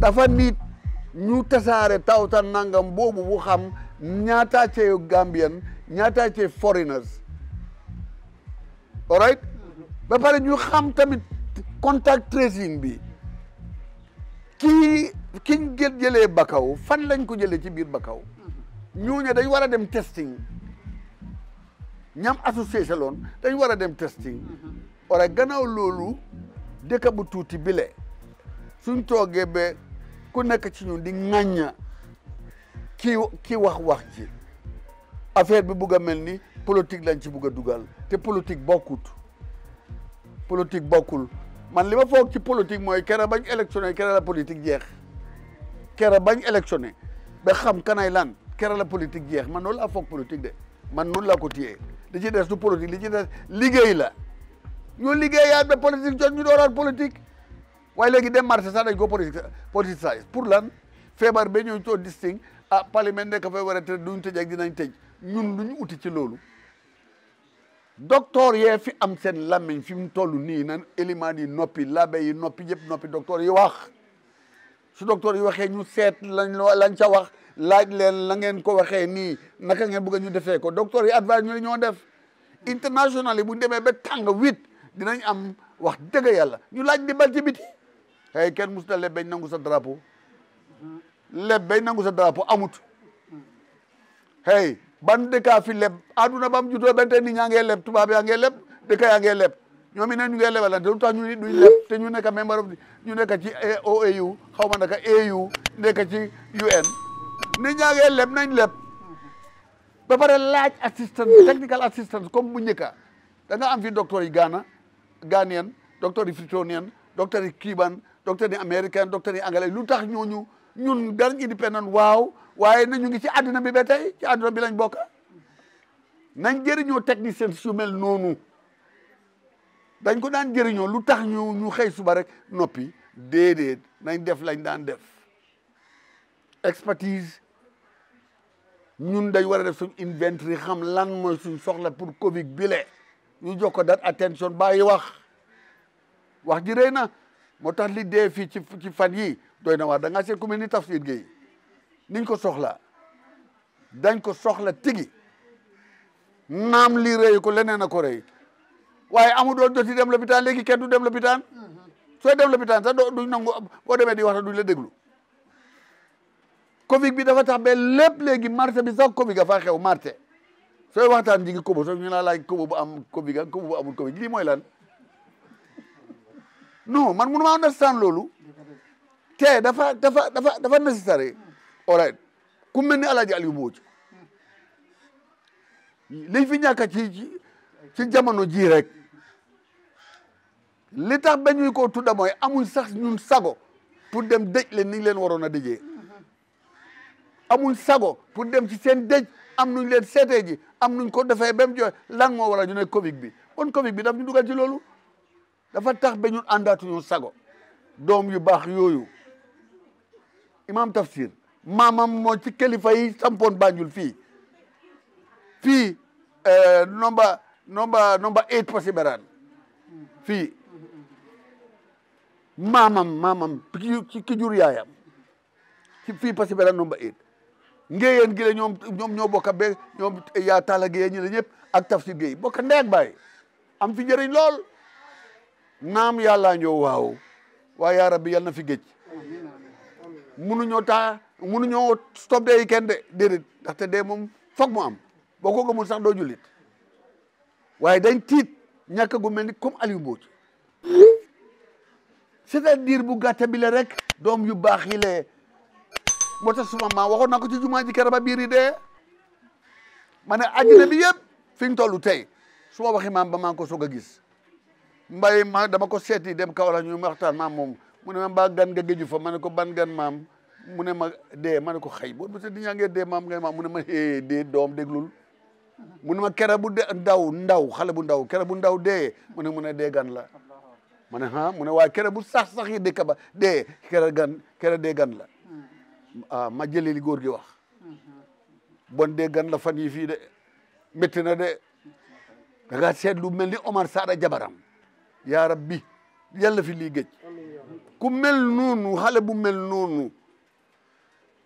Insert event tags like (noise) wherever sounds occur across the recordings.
dafa nit ñu tasaare tawta nangam boobu bu xam ñaata cee Gambian ñaataa cee foreigners all ba pare ñu xam tamit contact tracing bi kii ki gë jëlee Bakaw fan lañ ko jëlee ci biir Bakaw ñooñu dañ war a dem testing ñam association loon dañ war a dem testing mm-hmm. all right gannaaw loolu dëkk bu tuuti bile suñ toogee ba ku nek ci ñun di ngagna ki ki wax wax ji affaire bi bëgg melni politique lañ ci bëgg duggal té politique bokut politique bokul man lima ma ci politique moy kéra bañ électioné kéra la politique jeex kéra bañ électioné ba xam kanay lan kéra la politique jeex man loolu laa foog politique de man noonu la ko tié li ci dess du politique li ci dess liggéey la ñu ya ba politique jot ñu dooral politique waaye léegi dem marché sax dañ ko politicise pour lan feebar ba ñooñu too distinct a ah, parlement nekk fa war a te duñ tëj ak dinañ tëj ñun lu ñu uti ci loolu docteur yee fi am seen làmmiñ fi mu toll nii nan élimaan yi noppi labe yi noppi yëpp noppi docteur yi wax su docteur yi waxee ñu seet lañ lañ ca wax laaj leen la ngeen ko waxee nii naka ngeen bëgg ñu defee ko docteur yi advise ñu ñoo def international yi bu ñu demee ba tàng huit dinañ am wax dëgg yàlla ñu laaj di bal ci xëy kenn musuta lebbeñ nangu sa drapeau lebbeñ nangu sa drapeau amut xëy ban dëkkaa fi leb aduna ba mu juddoo benn tey nit ñaa ngee leb tubaab yaa ngee leb dëkk yaa ngee leb ñoom it ne ñu ngee lebalante lu tax ñu ni ka leb ci OAU xaw ma naka AU nekk ci UN nit ñaa ngee leb nañ leb ba pare laaj assistance technical assistance comme bu njëkka da nga am fi docteur yi Ghana Ghanien docteur yi Freetonien docteur yi Kiban docteur ni américain docteur ni anglais lu tax ñu ñun dañ indépendant waaw waaye na ñu ngi ci àdduna bi ba tey ci àdduna bi lañ bokk nañ jëriñoo technicien su mel noonu dañ ko daan jëriñoo lu tax ñu ñu xëy suba rek noppi déedéet nañ def lañ daan def expertise ñun dañ war a def suñ inventory xam lan mooy suñ soxla pour Covid bile ñu jox ko dat attention bàyyi wax wax ji na moo tax li dee fii ci ci fan yi doy na waar da ngaa seet ku mel ni Tafsir Gueye niñ ko soxla dañ ko soxla tigi naam lii rëy ko leneen a ko rëy waaye amu doon joti dem lopitaan léegi kenn du dem lopitaan sooy dem lopitaan sax doo duñ nangu boo demee di wax duñ la déglu Covid bi dafa tax ba lépp léegi marché bi sax Covid ga faa xew marché sooy waxtaan ji kobo soo ñu laa laaj kobo bu am Covid ga kobo bu amul Covid lii mooy lan non man mënu ma understand loolu te dafa dafa dafa dafa nécessaire alright ku mel ni Alaaji Aliou Mbodj liñ fi ñàkk ci ci jamono ji rek li tax ba ñuy ko tudda mooy amuñ sax ñun sago pour dem dej leen niñ leen waroon a dëjee amuñ sago pour dem ci seen dëj am nuñ leen seetee ji am nuñ ko defee ba mu joxe lan moo waral ñu ne Covid bi kon Covid bi daf ñu dugal ci loolu dafa tax ba ñun àndaatuñu sago doom yu baax yooyu imaam tafsir maamam moo ci kilifa yi sampoon Banjul fii fii euh, number number eight Passy fii maamam maamam ci ki jur yaayam ci fii Passy Beraan number eight ngéyeen gi la ñoom bokka be yaa taala géyee ñi la ak tafsir géey bokka ndey ak am fi njëriñ lool naam yàllaa ñoo waaw waaye yaa rabbi yàlla na fi géej munuñoo taa munuñoo stop dee yi kenn de déedéet dee moom foog mu am boo ko gëmul sax doo waaye dañ tiit ñàkk gu mel ni comme Aliou Mbodj bu gàtte bi rek doom yu baax yi lee moo maa waxoon naa ko ci jumaa ji kera ba biir yi dee ma ne àddina bi yëpp fi ñu toll tey su ma waxi ba maa ngi ko soog a gis mbay ma dama ko dem Kaolack ñu waxtaan ma mom mune ma ba gan nga geju fa mané ko ban gan mam mune ma dé mané ko xey bo bu di ñangé dé mam ngay maam mune ma hé dé dom déglul mune ma kera bu de ndaw ndaw xalé bu ndaw kera bu ndaw dé mune mune dé gan la ma ha, mune wa kéra kera bu sax sax yi ka ba dé kera gan kera dé gan la ah ma jëlé li góor gi wax bon dé gan la fan yi fi dé metti na dé da sét lu melni Omar Sada jabaram Ya rabbi yalla fi li géej ku mel nonu xale bu mel nonu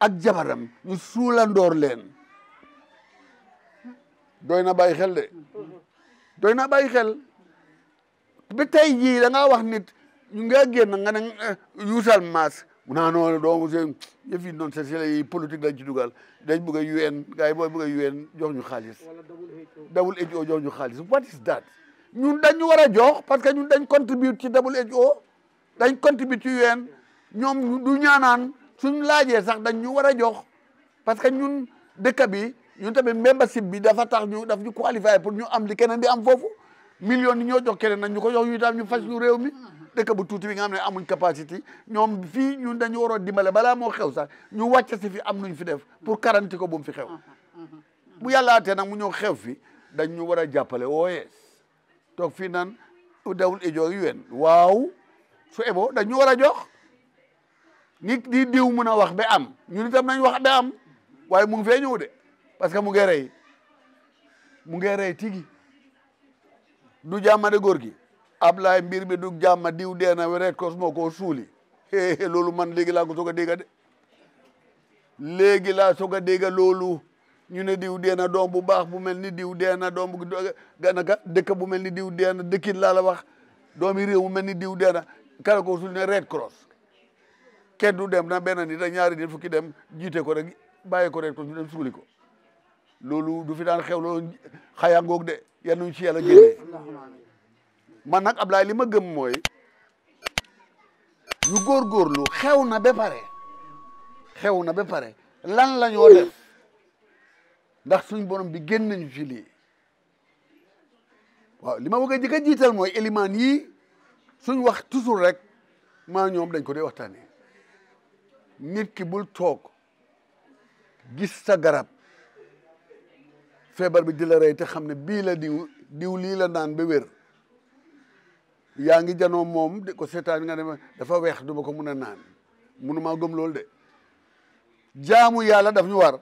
ak jabaram ñu suulandoor leen doy na bàyyi xel de doyna bay xel bi tay da nga wax nit ñu nga genn nga ne eh, yuusal mas. mu naa ah do mu seen yëf non noonu sa sila yi politique buka ci dugal dañ bëgg UN gaay boy bëgg UN jox ñu xaalis dawul HO jox ñu what is that ñun dañu war a jox parce que ñun dañ contribute ci WHO dañ contribute ci UN ñoom du ñaanaan suñ laajee sax dañ ñu war a jox parce que ñun dëkk bi ñun tamit membership bi dafa tax ñu daf ñu qualifié pour ñu am li keneen di am foofu million yi ñoo jox keneen nañ ñu ko jox ñu tam ñu fas ñu réew mi dëkk bu tuuti bi nga xam ne amuñ capacité ñoom fii ñun dañu waroon dimbale balaa moo xew sax ñu wàcc si fi am nuñ fi def pour garanti ko bu fi xew mm-hmm. Mm-hmm. bu yàlla atee nag mu ñëw xew fi dañ ñu war a jàppale toog fii naan dawul ejo ak UN waaw su ebo dañu war a jox nit di diw mën a wax ba am ñun itam nañ wax ba am waaye mu ngi fee ñëw de parce que mu ngi mu ngi tigi du jàmma de góor gi Ablaye mbir mi du jàmma diw dee na red moo ko suuli loolu man léegi laa ko soog a dégg de léegi laa soog a dégg loolu ñu ne diw dee na doom bu baax bu mel ni diw dee na doom bu ganaka dëkk bu mel ni diw dee dëkkin laa la wax doomi réew mu mel ni diw dee na kala ko sul ne Red Cross kenn dem na benn nit ak ñaari nit fukki dem jiite ko rek bàyyi ko Red Cross ñu dem suuli ko loolu du fi daan xew loolu xayangoog de yal nañu ci yàlla génnee man nag Ablaye li ma gëm mooy ñu góorgóorlu xew na xew na ba pare lan la ñoo def ndax suñ borom bi génn nañu ci waaw li ma bëgg a jëkk jiital mooy élimaan yii suñ wax toujours rek maa ñoom dañ ko dee waxtaanee nit ki bul toog gis sa garab feebar bi di la te xam ne bii la diw diw lii la naan ba wér yaa ngi janoo moom de ko seetaan nga ne dafa weex du ma ko mun a naan munu maa gëm loolu de jaamu yàlla daf ñu war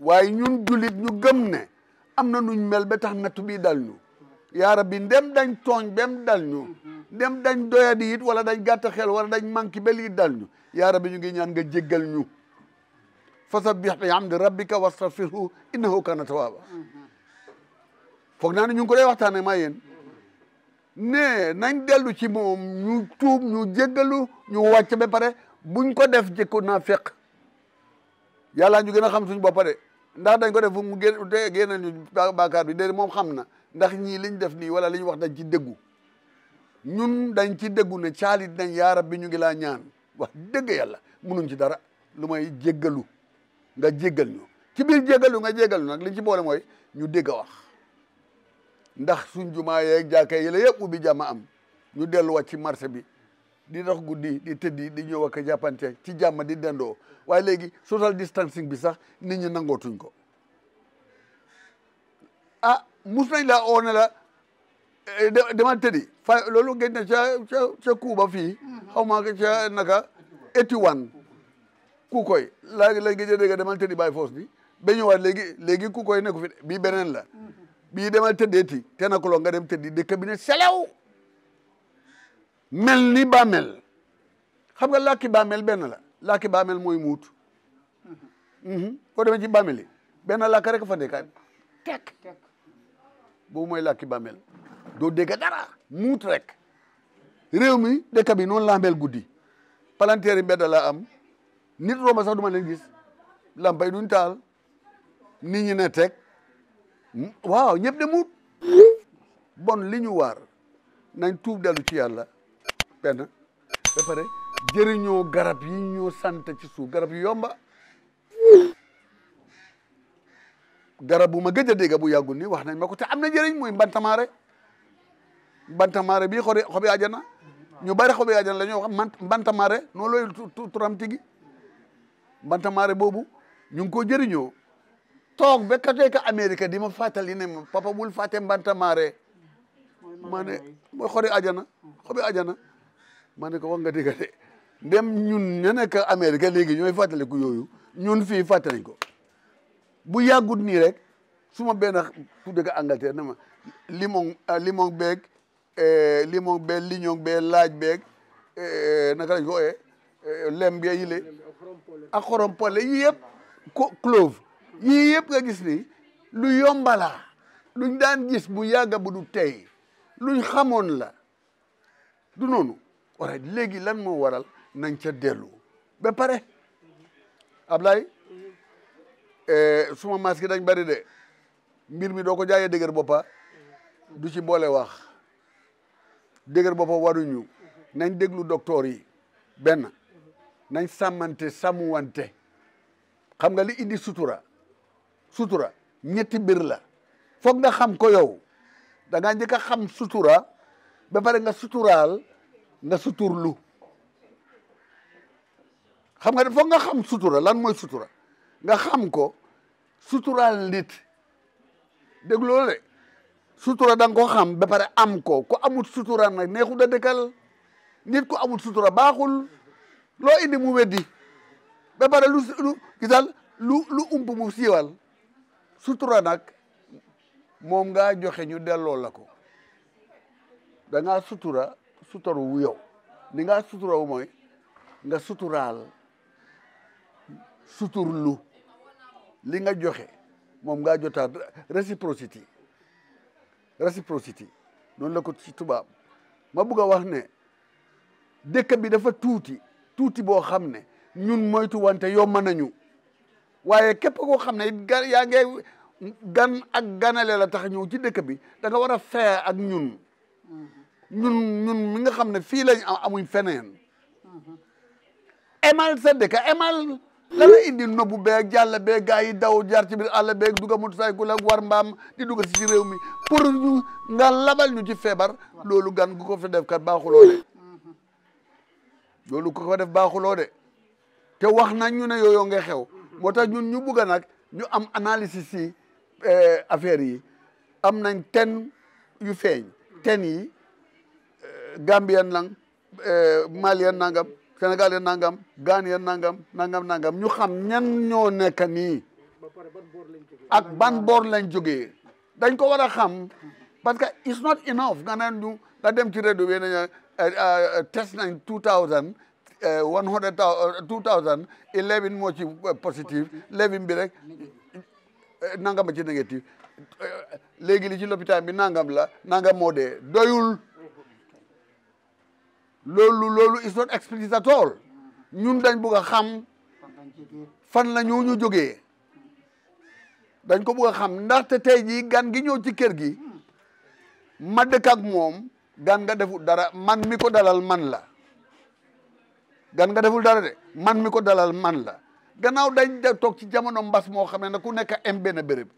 waaye ñun jullit ñu gëm ne am na nuñ mel ba tax nattu bii dal ñu yaa rabbi ndem dañ tooñ bem dal ñu ndem dañ doyadi it wala dañ gàtta xel wala dañ manqué ba lii dal ñu yaa rabbi ñu ngi ñaan nga jéggal ñu fasabbih bi hamdi rabbika wastaghfirhu innahu kana tawwaba foog naa ne ñu ngi ko dee waxtaane maa yéen ne nañ dellu ci moom ñu tuub ñu jéggalu ñu wàcc ba pare buñ ko def jëkku naa fekk yàlla ñu gën a xam suñ bopp de ndax dañ ko def mu gé génn ñu bàkkaar bi déedéet moom xam na ndax ñii liñ def nii wala li ñu wax dañ ci déggu ñun dañ ci déggu ne caalit nañ yaa rabbi ñu ngi laa ñaan wax dëgg yàlla munuñ ci dara lu may jéggalu nga jéggal ñu ci biir jéggalu nga jéggalu nag liñ ci boole mooy ñu dégg a wax ndax suñ jumaa yeeg jàkka yi la yëpp ubbi jàmm am ñu delluwaat ci marché bi di dox guddi di tëddi di ñëw ak a jàppante ci jàmm di dendoo waaye léegi social distancing bi sax nit ñi nangootuñ ko ah mus nañ la oo ne la eh, dama tëddi fa loolu gën na ca ca fii mm-hmm. xaw ma ca naka Etiwan ku koy laa la gëj a dégg demal tëddi bàyyi foos bi ba ñëwaat léegi léegi ku koy nekku fi bii beneen la mm-hmm. bii demal tëddeeti te nakuloo nga dem tëddi dëkk bi ne selew mel ni bàmmeel xam nga làkki bàmmeel benn la làkki bàmmeel mooy muut foo mhm. demee ci bàmmeel yi benn làkk rek fa nekkaat tekk boobu mooy làkki bàmmeel doo dégg dara muut rek réew mi dëkk bi noonu la guddi palanteer yi mbedd la am nit romba sax du ma leen gis lampay duñ taal nit ñi ne teg waaw ñëpp de muut bon li ñu waar nañ tuub dellu ci yàlla benn ba pare garab yi ñoo sant ci suuf garab yu yomba garab bu ma gëj a dégg bu yàggul nii wax nañ ma ko te am na njëriñ muy mbantamaare mbantamaare bii xobi xobi ajana ñu bari xobi ajana la ñoo xam mbantamaare noonu looy turam tigi mbantamaare boobu ñu ngi ko jëriñoo toog ba katooy ka Amérique di ma fàttali ne ma papa bul fàtte mbantamaare ma ne mooy xobi ajana xobi ajana ma ne ko wax nga dëgg de ndem ñun ña nekk Amérique léegi ñooy fàttaliku yooyu ñun fii fàttaliñ ko bu yàggut nii rek su ma benn ku dëkk Angleterre ne ma limon ah, limon beeg eh, limon beeg liñon beeg laaj beeg eh, naka lañ ko ooyee eh, lem bee yile ak xorompole yi yëpp ko clove yii yëpp nga gis ni lu yombala luñ daan gis bu yàgga bu du tey luñ xamoon la du noonu waaye léegi lan moo waral nañ ca dellu ba pare Ablaye eh, suma maas gi dañ bari de mbir mi doo ko jaayee dëgër boppa du ci boole wax dëgër boppa waruñu nañ déglu docteur yi benn nañ sàmmante sàmmuwante xam nga li indi sutura sutura ñetti mbir la foog nga xam ko yow da ngaa njëkk a xam sutura ba pare nga suturaal na suturlu xam nga foog nga xam sutura lan mooy sutura nga xam ko suturaal nit dégg loolu sutura da nga ko xam ba pare am ko ku amul sutura nag neexu da dëkkal nit ku amul sutura baaxul loo indi mu weddi ba pare lu lu gisal lu lu mu siiwal sutura nag moom ngaa joxe ñu delloo la ko da ngaa sutura suturu wu yow ni nga suturaw mooy nga suturaal suturlu li nga joxe moom ngaa jotaat réciprocité réciprocité noonu la ko ci tubaab ma bugga wax ne dëkk bi dafa tuuti tuuti boo xam ne ñun moytu wante yomb nañu waaye képp koo xam ne it yaa ngi gan ak ganale la tax ñëw ci dëkk bi da nga war ak ñun mm. ñun ñun mi nga xam ne fii lañ am amuñ feneen emal sa dëkk emal la la indi nobu be jàll beeg gaa yi daw jaar ci biir àll beeg dugg motocycle ak war mbaam di dugg si réew mi pour ñu nga labal ñu ji feebar loolu gan gu ko fi def kat baaxuloo de baaxuloo de te wax nañ ñu ne nga xew moo tax ñun ñu bugg nag ñu am analyse si eh, affaire yi am nañ ten yu feeñ ten yi Gambien lang eh, Malien nangam Sénégalien nangam Ghanien nangam nangam nangam ñu xam ñan ñoo nekk nii ak ban boor lañ jógee dañ ko war a xam parce que it's not enough nga naan ñu nga dem ci rajo bi nañu eh, eh, test nañ two thousand one hundred two thousand eleven moo ci positive eleven bi rek nangam a ci négatif léegi li ci lopitaan bi nangam la moo dee doyul loolu loolu is not explicit at ñun dañ bëgg a xam fan la ñoo ñu jógee dañ ko bëgg a xam ndaxte te jii gan gi ñëw ci kër gi man dëkk ak moom gan nga deful dara man mi dalal man la gan nga deful dara de man mi ko dalal man la gannaaw dañ da toog ci jamono mbas moo xam ne ku nekka am benn béréb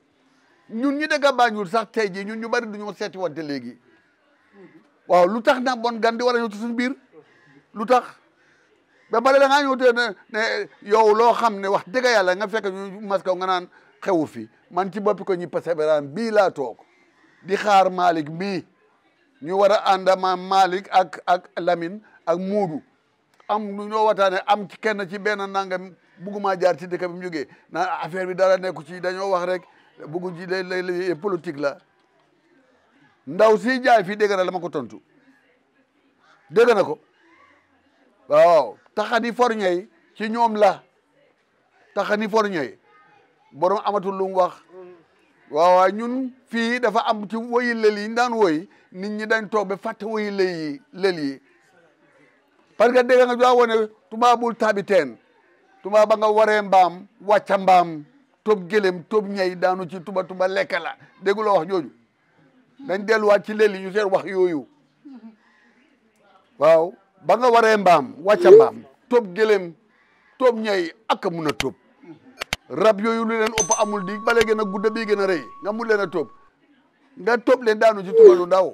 ñun ñi dëkk a Banjul sax tey jii ñun ñu bari du ñoo seeti wante léegi waaw lu tax na bon gan di war a ñëw biir lu tax ba pare da ngaa ñëw te ne yow loo xam ne wax dëgg yàlla nga fekk ñu mas nga naan xewu fi man ci boppi ko ñi persévérance bii laa toog di xaar Malick bii ñu war a ànd ma ak ak Lamine ak Moodu am lu ñoo waxtaane am ci kenn ci benn nangam bugguma jaar ci dëkk bi mu jógee na affaire bi dara nekku ci dañoo wax rek buggu ci lay lay politique la ndaw si jaay fii dégg na la ma ko tontu dégg na ko waaw taxani forñe yi ci ñoom la taxani forñe borom amatul lu mu wax waaw waaye ñun fii dafa am ci woyi lël yi ñu daan woy nit ñi dañ toog ba fàtte woyi lël yi lël yi parce que dégg nga daa wone tubaabul taabi teen tuba ba nga waree mbaam wàcca mbaam tob gëlem tob ñey daanu ci tuba tuba lekk la déggu la jooju dañ delluwaat ci léegi yu seen wax yooyu waaw ba nga waree mbaam wàcca mbaam toog gëlem toog ñay ak mun a toog rab yooyu lu leen ëpp amul di bale gën a gudda bii gën a rëy nga mun leen a toog nga top leen daanu ci tubalu ndaw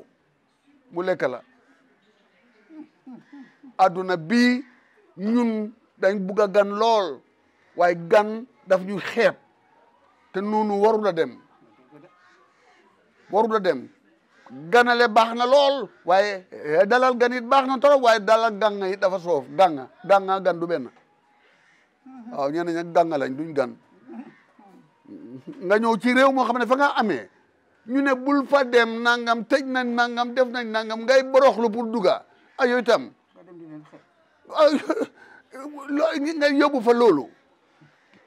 mu lekk la adduna bii ñun dañ bugg a gan lool waaye gan daf ñu xeeb te noonu warul a dem warul a dem ganale baxna lol, waye eh, dalal ganit baxna toro waye dalal ganga yi dafa sof ganga ganga gan du ben waw ñene ñak ganga lañ duñ gan nga ñëw ci rew mo xamne fa nga amé ñu ne bul fa dem nangam tej nañ nangam def nañ nangam ngay boroxlu pour duga a ah, yooyu tam ah, (laughs) nga yóbbu fa loolu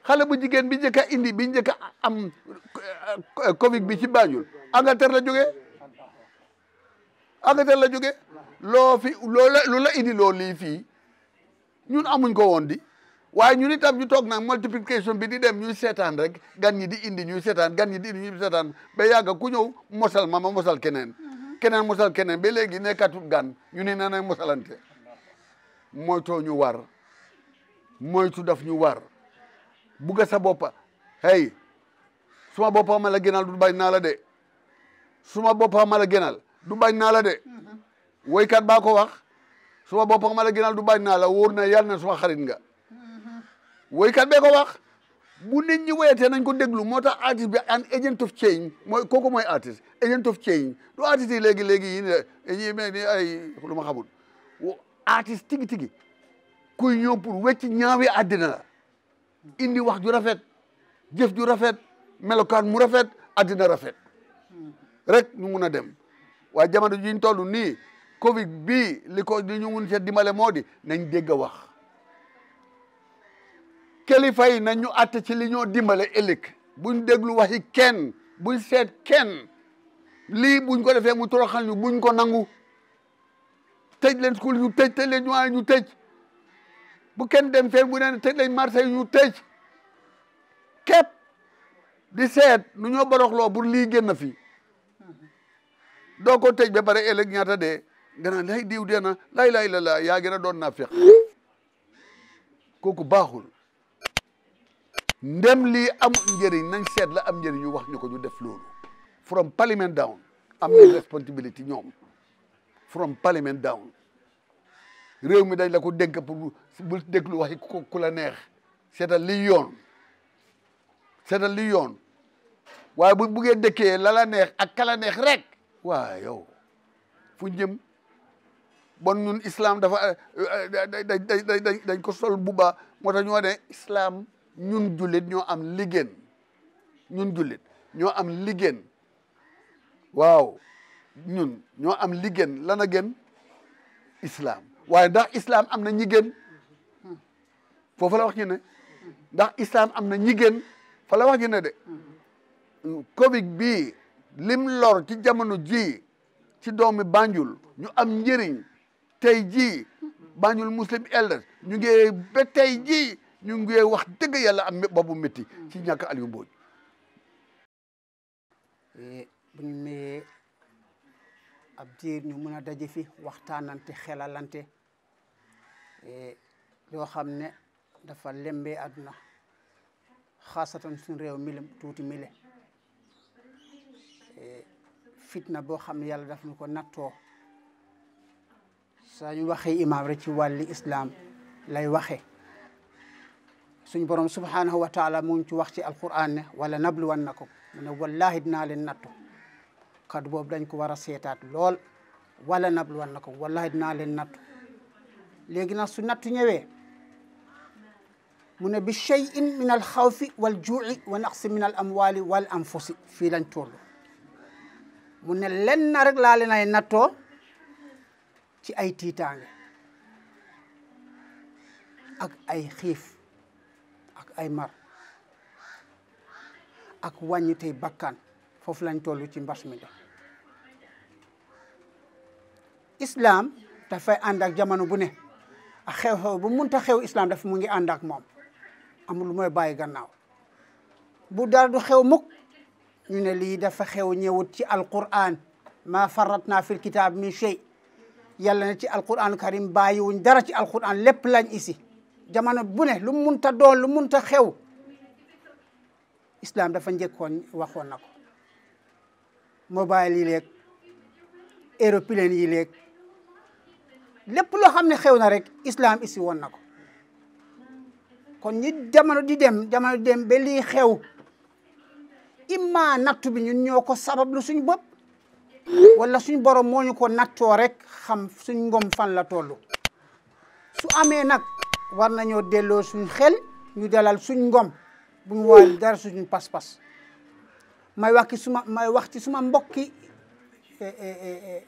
xale bu jigen bi indi bi am eh, eh, covid bi ci bañul Angleterre la AQSEL la jóge loo fi loo la lu la indi loo lii fii ñun amuñ ko woon di waaye ñun itam ñu toog nag multiplication bi di dem ñuy seetaan rek gan ñi di indi ñuy seetaan gan ñi di indi ñuy ba yàgg ku ñëw mosal ma ma mosal keneen mhm. keneen mosal keneen ba léegi nekkatul gan ñu ne na na mosalante moytoo ñu war moytu daf ñu war bugga sa boppa hey suma boppa ma la gënal du bañ naa la de suma boppa ma la gënal du bañ naa la de woykat baa ko wax suma boppam ma la ginaal du bañ naa la wóor na yàlla na suma xarit nga woykat bee ko wax bu nit ñi woyatee nañ ko déglu moo tax artiste bi an agent of change mooy kooku mooy artiste agent of change du artiste yi léegi léegi yi ne me ni ay lu ma xamul artiste tigi tigi kuy ñëw pour wecc ñaawi àddina la indi wax ju rafet jëf ju rafet melokaan mu rafet àddina rafet rek nu mun a dem waa jamono ji ñu toll nii Covid bii li ko li ñu mun cee dimbale moo di nañ dégg a wax kilifa yi nañ ñu àtte ci li ñoo dimbale ëllëg buñ déglu waxi kenn buñ seet kenn lii buñ ko defee mu toroxal ñu buñ ko nangu tëj leen school ñu tëj tëj leen jumaa ñu tëj bu kenn dem fenn bu neen tëj leen marché ñu tëj képp di seet nu ñoo boroxloo pour lii génn fi doo ko tëj ba pare ëllëg ñaata dee nga naan diw dee na lay lay la la yaa gën a doon naafeq kooku baaxul ndem li am njëriñ nañ seet la am njëriñ ñu wax ñu ko ñu def loolu from parliament down am yi responsibility ñoom from parliament down réew mi dañ la ko dénk pour bu déglu waxi ku la neex seetal li yoon seetal li yoon waaye bu buggee dëkkee la la neex ak kala neex rek waa yow fu jëm bon ñun islam dafa eh, eh, dañ dañ ko sol buba moo tax ñoo ne islam ñun jullit ñoo am liggéen ñun jullit ñoo am liggéen waaw ñun ñoo am liggéen lan a gën islam waaye ndax islam am na ñi gën foofu la wax ñu ndax islam am na ñi gën fa la wax ñu ne de covid bii lim lor ci jamono ji ci doomi Banjul ñu am njëriñ tey ji Banjul Muslim Elders ñu ngi ba tey jii ñu ngi wax dëgg yàlla am boobu métti ci ñàkk Aliou Mbodj eh, bu ñu mayee ab diir ñu mën a daje fi waxtaanante xelalante yoo eh, xam ne dafa lembee àdduna xaasatan suñ réew milim tuuti mile fitna boo xam ne yàlla daf ñu ko nattoo saa ñu waxee imaam rek ci wàlli islaam lay waxe suñ borom subhaanahu wa taala mu ngi ci wax ci alquran ne wala nablu na ko mu ne wallahi dinaa leen nattu kadu boobu dañ ko war a seetaat lool wala nabluwan na ko wallahi dinaa leen nattu léegi nag su nattu ñëwee mu ne bi cheyin min al xawfi wal juuci wa naqsi min al amwali wal anfusi fii lañ toll mu ne lenn rek laa leen ay nattoo ci ay tiitaange ak ay xiif ak ay mar ak wàññi bakkan foofu lañ toll ci mbas mi de islam dafay ànd ak jamono bu ne ak xew-xew bu munta xew islam daf mu ngi ànd moom amul lu mooy bàyyi gannaaw bu dara du xew mukk ñu ne lii dafa xew ñëwut ci alquran ma farat fil kitab min shay yàlla ne ci alquran karim bàyyiwuñ dara ci alquran lépp lañ isi jamono bu ne lu munta doon lu munta xew islam dafa njëkkoon waxoon na ko mobile yi leeg aéroplane yi leeg lépp loo xam ne xew na rek islam isi woon na ko kon ñi jamono di dem jamono di dem ba lii xew imma nattu bi ñun ñoo ko sabab lu suñ bopp wala suñ borom moo ñu ko nattoo rek xam suñ ngom fan la toll su amee nag war nañoo delloo suñ xel ñu dalal suñ ngom bu ñu waal dara suñu pas-pas may wax suma may wax ci suma mbokki eh, eh, eh,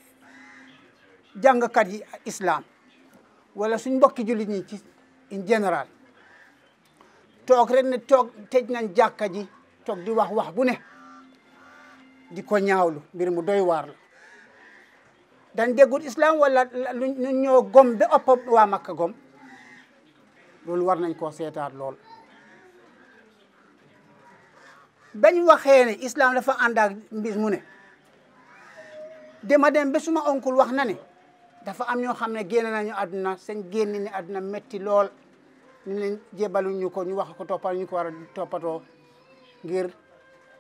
jàngkat yi islam wala suñ mbokki jullit ñi ci in général toog rek ne toog tej nañ jàkka ji toog di wax wax bu ne di ko ñaawlu mbir mu doy war la dañ islaam walla wala lu ñoo gom ba ëpp waa Makka gom loolu war nañ koo seetaat lool bañ waxee ne islaam dafa ànd ak mbir mu ne dema dem ba suma onkul wax na ne dafa am ñoo xam ne génn ñu àdduna seen génn ni àdduna metti lool ñu leen jébaluñ ñu ko ñu wax ko toppal ñu ko war a toppatoo ngir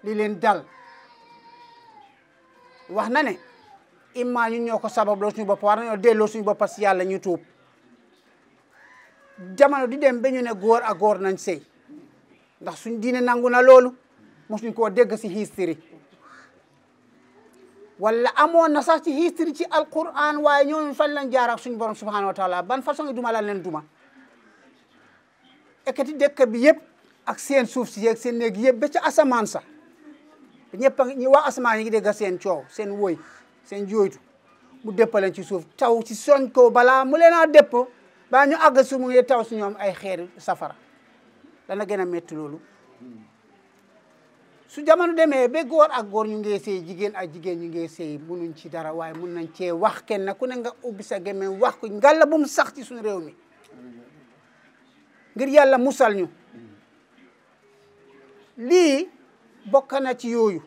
li len dal wax na ne imma ñu ñoko sabab lo suñu bop war nañoo delo suñu bop si yalla ñu tuup jamono di dem ba ñu ne gor ak gor nañ sey ndax suñu diine nanguna lolu musuñ ko koo ci history wala amona sax ci history ci alquran waaye ñooñu fan lañ jaar ak suñu borom subhanahu wa taala ban façon duma la len duma ekati dekk bi yëpp ak seen suuf si yeeg seen néeg yëpp ba ca asamaan sax ñëpp a ñu waa asamaan yi gi ngi dégg seen coow seen woy seen jooytu mu déppaleen ci suuf taw ci soñ ko balaa mu leen a dépp ba ñu àgg su mu ngi taw si ñoom ay xeer safara dana gën a métti loolu su jamono demee ba góor ak góor ñu ngi sëy jigéen ak jigéen ñu ngi sëy munuñ ci dara waaye mun nañ cee wax kenn ku ne nga ubbi sa gémmiñ wax ko ngalla bu sax ci suñu réew mi ngir yàlla musal ñu lii bokk na ci yooyu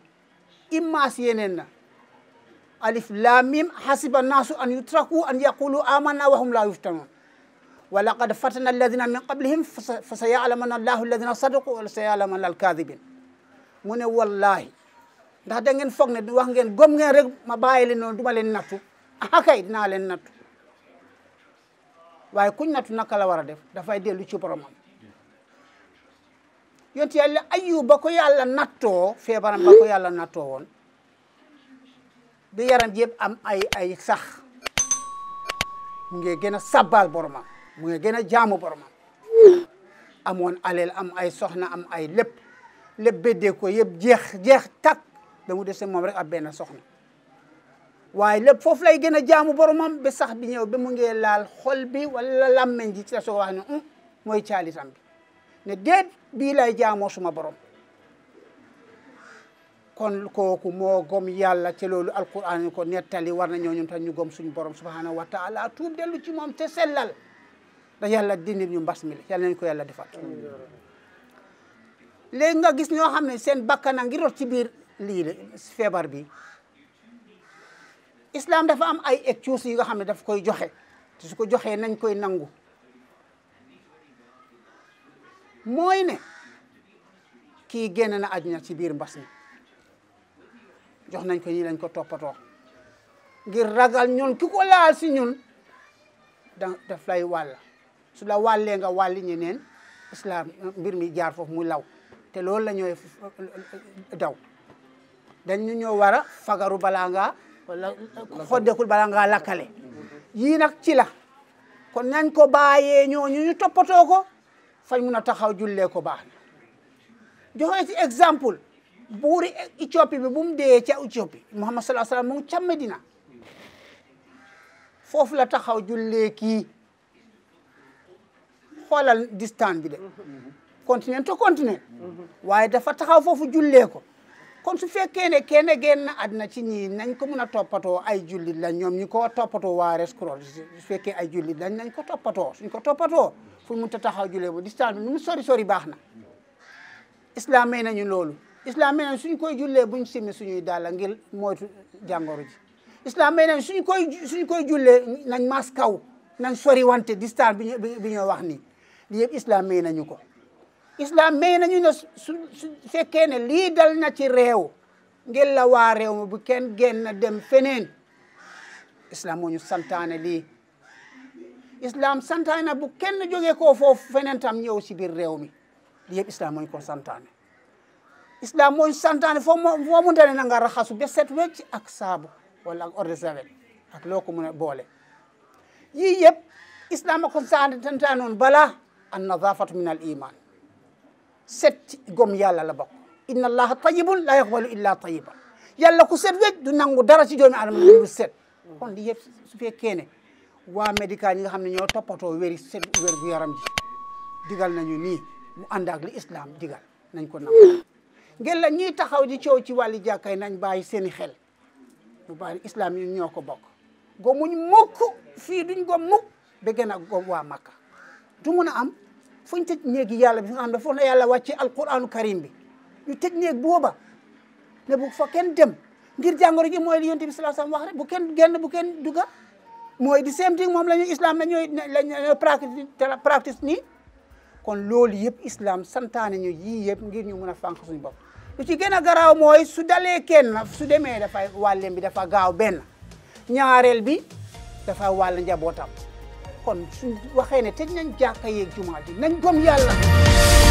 immaas yeneen na alif laam miim hasiba naasu an yutraku an yaqulu amanna wa hum laa yuftanuun wa laqad fatana alladina min qablihim fa sa allahu alladina sadaqu wa sa yaalamanna alkaadibin mu ne wallahi ndax da ngeen foog ne wax ngeen gom ngeen rek ma bàyyi leen noonu duma leen nattu ah kay dinaa leen nattu waaye kuñ nattu naka la war a def dafay dellu ci boromam yonent yàlla ayub ba ko yàlla nattoo feebaram ba ko hmm? yàlla nattoo woon yaram yëpp am ay ay sax mu ngi gën a sabbaal boromam mu ngi gën a jaamu boromam amoon am ay soxna am ay lépp lépp béddee ko yëpp jeex jeex tak ba mu dese moom rek ab benn soxna waaye lépp foofu lay gën a jaamu boromam ba sax bi ñëw ba mu laal xol bi wala làmmeñ ji ci la soog a hmm, bi ne déet bii lay jaamoo suma boroom kon kooku moo gom yàlla te loolu alquran ko nettali war na ñoo ñun ñu gom suñu borom subhanahu wa taala tuub dellu ci moom te sellal da yàlla dindil ñu mbas mil la nañ ko yàlla defal léegi nga gis ñoo xam ne seen bakkan a ngi rot ci biir lii de feebar bi islam dafa am ay excuse yi nga xam ne daf koy joxe te su ko joxee nañ koy nangu mooy ne kii génn na àdduna ci biir mbas mi jox nañ ko ñi lañ ko toppatoo ngir ragal ñun ki ko laal si ñun daf lay wàll su la wallee nga wàlli ñeneen islam mbir mi jaar foofu mu law te loolu la ñooy eh, daw dañ ñu ñoo war a fagaru balaa ngaa wala xoddekul balaa ngaa lakkale yii nag ci la kon nañ ko bàyyee ñooñu ñu toppatoo ko fañ mun a taxaw jullee ko baax na joxe ci exemple buuri Éthiopie bi bu mu dee ca Éthiopie Muhammad sallallahu alayhi wa sallam mu ngi ca Medina foofu la taxaw jullee kii xoolal distance bi de continent to continent waaye dafa taxaw foofu jullee ko kon su fekkee ne kenn génn àddina ci ñii nañ ko mun a toppatoo ay jullit lañ ñoom ñi ko toppatoo waare Red Cross su fekkee ay jullit lañ nañ ko toppatoo suñ ko toppatoo pour mun ta taxaw julee ba distance bi nu sori sori baax na islam may nañu loolu islam may nañu suñu koy jullee buñ simmi suñuy dàlla ngir moytu jàngoro ji islam may nañu suñu koy suñu koy jullee nañ mas kaw nañ sori wante distance bi bi ñoo wax nii may nañu ko islam may nañu ne su fekkee ne lii dal na ci réew ngeen la waa réew mi bu kenn na dem feneen islam moo ñu santaane lii islam na bu kenn joge koo foofu feneen tam ñëw si biir réew mi li yëpp islam mooñ ko santaane islam mooy santaane foo foo munte ne na nga raxasu ba set wecc ak saabu wala ak eau ak loo ko mun a boole yii yëpp islam a ko santaane noon bala an nadafatu min al iman set gom yàlla la bokk inna allaha tayibun la yaqbalu illa tayiba yàlla ku set wecc nangu dara ci doomi adama lu set kon li yëpp su fekkee ne waa médical ñi nga xam ne ñoo toppatoo wéri seen wér gu yaram ji digal nañu nii mu ànd ak li islam digal nañ ko nangu ngeen la ñuy taxaw di coow ci wàllu jàkkay nañ bàyyi seeni xel mu bàyyi islam yi ñoo ko bokk gomuñ mukk fii duñ gom mukk bëggeen ak gom waa Makka du mun a am fuñ tej néegi yàlla bi nga xam ne foofu la yàlla wàcce alquranu karim bi ñu tëj néeg booba ne bu fa kenn dem ngir jàngoro ji mooy li yonent bi sallallahu wax rek bu kenn genn bu kenn duga mooy di same thing moom la ñuy islam la ñu la ñooy practice nii kon loolu yëpp islam santaane ñu yii yëpp ngir ñu mun a fànq suñu bopp lu ci gën a garaaw mooy su dalee kenn su demee dafay wàlleem bi dafa gaaw benn ñaareel bi dafa wàll njabootam kon suñ waxee ne tëj nañ jàkka yeeg jumaa ji nañ gom yàlla